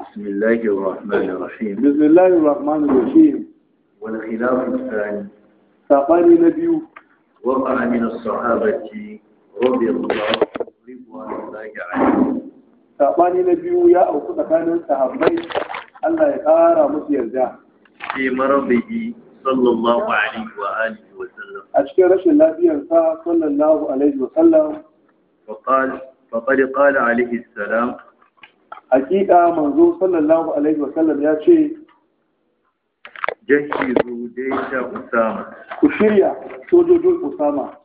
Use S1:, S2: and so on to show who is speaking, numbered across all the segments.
S1: بسم الله الرحمن الرحيم بسم الله الرحمن الرحيم والخلاف الثاني ساقاني نبي وقع من الصحابة رضي الله رضوان الله عنهم saɓani na biyu ya auku tsakanin sahabbai Allah ya ƙara musu yarda. Fi marabihi sallallahu alaihi wa alihi wa sallam. A cikin rashin lafiyarsa sallallahu alaihi wa sallam. Faƙad qala alaihi salam hakika manzo sallallahu alaihi wasallam ya ce jahizu jaysha usama ku shirya sojojin usama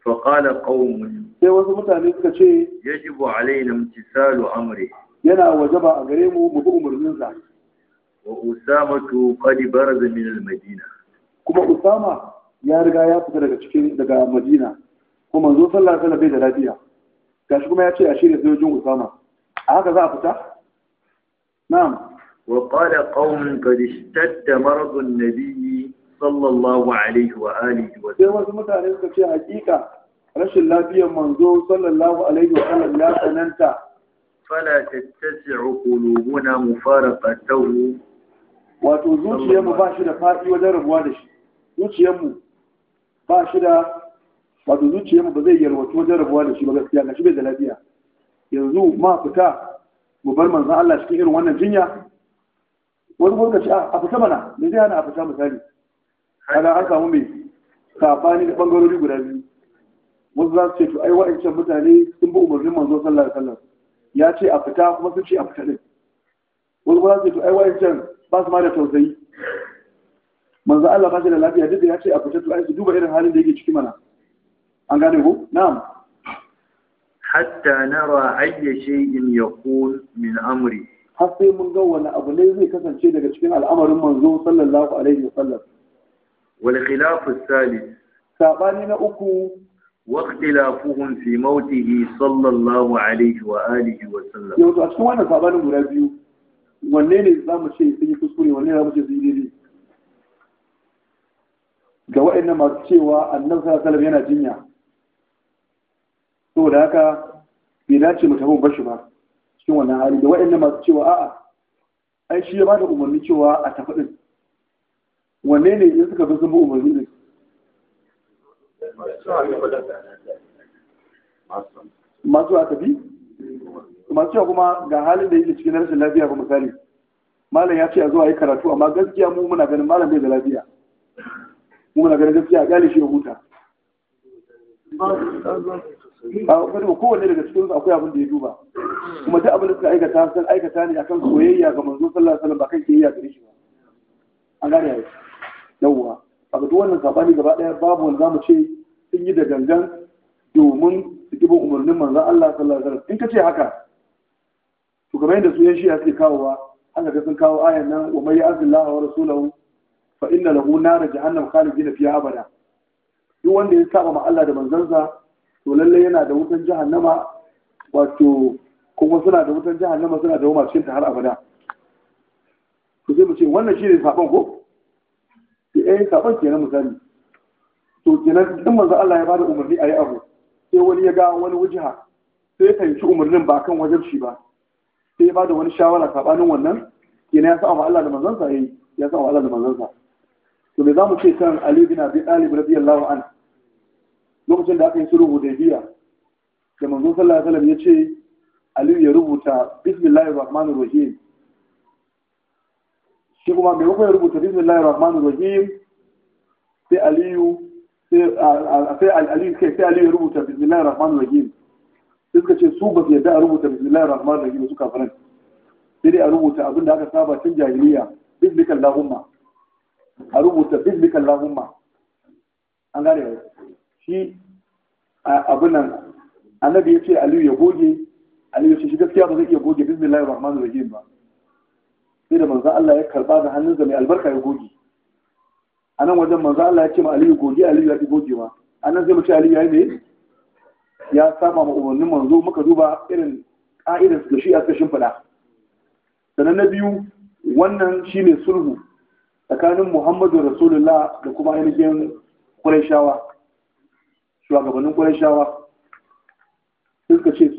S1: fa qala qaumun sai wasu mutane suka ce yajibu alaina imtisalu amri yana wajaba a gare mu mu bi umarnin sa wa usama tu qad baraza min al madina kuma usama ya riga ya fita daga cikin daga madina kuma manzo sallallahu alaihi wasallam bai da lafiya gashi kuma ya ce a shirya sojojin usama a haka za a fita na'am وقال قوم قد اشتد مرض sallallahu alaihi الله عليه وآله وسلم sai wasu mutane suka ce hakika rashin lafiyar manzo sallallahu alaihi wa sallam ya tsananta fala tattasi'u qulubuna mufaraqatahu wato zuciyar mu ba shi da fadi wajen rabuwa da shi zuciyar mu ba shi da wato zuciyar mu ba zai yarwatu wajen rabuwa da shi ba gaskiya shi bai da lafiya yanzu ma fita mu bar manzon Allah cikin irin wannan jinya wani gurga ce a fita mana ne zai hana a fita misali kada an samu mai safani da bangarori guda biyu wasu za su ce to ai wa'ancan mutane sun bi umarnin manzo sallallahu alaihi wasallam ya ce a fita kuma sun ce a fita din wasu kuma za su ce to ai wa'ancan ba su ma da tausayi manzon Allah ba shi da lafiya duk da ya ce a fita to ai su duba irin halin da yake ciki mana an gane ko na'am hatta nara ayya shay'in yaqul min amri har sai mun ga wani abu ne zai kasance daga cikin al'amarin manzo sallallahu alaihi wasallam wal khilaf as-salis sabani na uku واختلافهم في sallallahu alaihi الله عليه وآله sallam. yau a cikin wannan sabanin guda biyu wanne ne za mu ce sun yi kuskure wanne za mu ce sun yi daidai ga waɗannan masu cewa annabi sallallahu alaihi yana jinya saboda haka bai dace mu tafi bashi ba cikin wannan hali da waɗanda masu cewa a'a ai shi ya bada umarni cewa a tafi din wanne ne in suka bi sun bi umarni din masu a tafi masu cewa kuma ga halin da yake cikin rashin lafiya ba misali malam ya ce a zuwa yi karatu amma gaskiya mu muna ganin malam bai da lafiya mu muna ganin gaskiya a gane shi ya huta a kuma kowanne daga cikin su akwai abin da ya duba kuma duk abin da suka aikata san aikata ne akan soyayya ga manzo sallallahu alaihi wasallam ba kan kiyayya gare shi ba an gane ya yawwa a ga wannan sabani gaba daya babu wanda zamu ce sun yi da gangan domin su kibo umarnin manzo Allah sallallahu alaihi wasallam in ka ce haka to kamar yadda soyayya shi shi'a kawowa an ga sun kawo ayan nan wa mai ya'zillaha wa rasuluhu fa inna lahu nar jahannam khalidina fiha abada duk wanda ya saba ma Allah da manzansa to lalle yana da wutan jahannama wato kuma suna da wutan jahannama suna da wuma cikin ta har abada to sai mu ce wannan shi ne saban ko to eh saban kenan misali to kenan din manzo Allah ya bada umarni a yi abu sai wani ya ga wani wujiha sai ya tanci umarnin ba kan wajen shi ba sai ya bada wani shawara sabanin wannan kenan ya sa Allah da manzon sa yayi eh, ya sa Allah da manzon sa to me zamu ce kan Ali bin Abi Talib radiyallahu anhu lokacin da aka yi sulhu hudaybiya da manzo sallallahu alaihi wasallam ya ce aliyu ya rubuta bismillahir rahmanir rahim shi kuma bai ya rubuta bismillahir rahmanir rahim sai aliyu sai aliyu kai sai aliyu ya rubuta bismillahir rahmanir rahim sai suka ce su ba su yarda a rubuta bismillahir rahmanir rahim su kafiran sai dai a rubuta abin da aka saba tun jahiliya bismillah lahumma a rubuta bismillah lahumma an gane shi abin nan annabi ya ce aliyu ya goge aliyu ce shi gaskiya ba zai iya goge bismillahir rahmanir rahim ba sai da manzo Allah ya karba da hannun mai albarka ya goge a nan wajen manzo Allah ya ce ma aliyu goge aliyu ya fi goge ma a nan zai mace aliyu ya yi ne ya saba ma umarnin manzo muka duba irin ka'idar da shi a kashin fada sannan na biyu wannan shine sulhu tsakanin muhammadu rasulullah da kuma ainihin shawa. shugabannin ƙwarar shawa suka ce su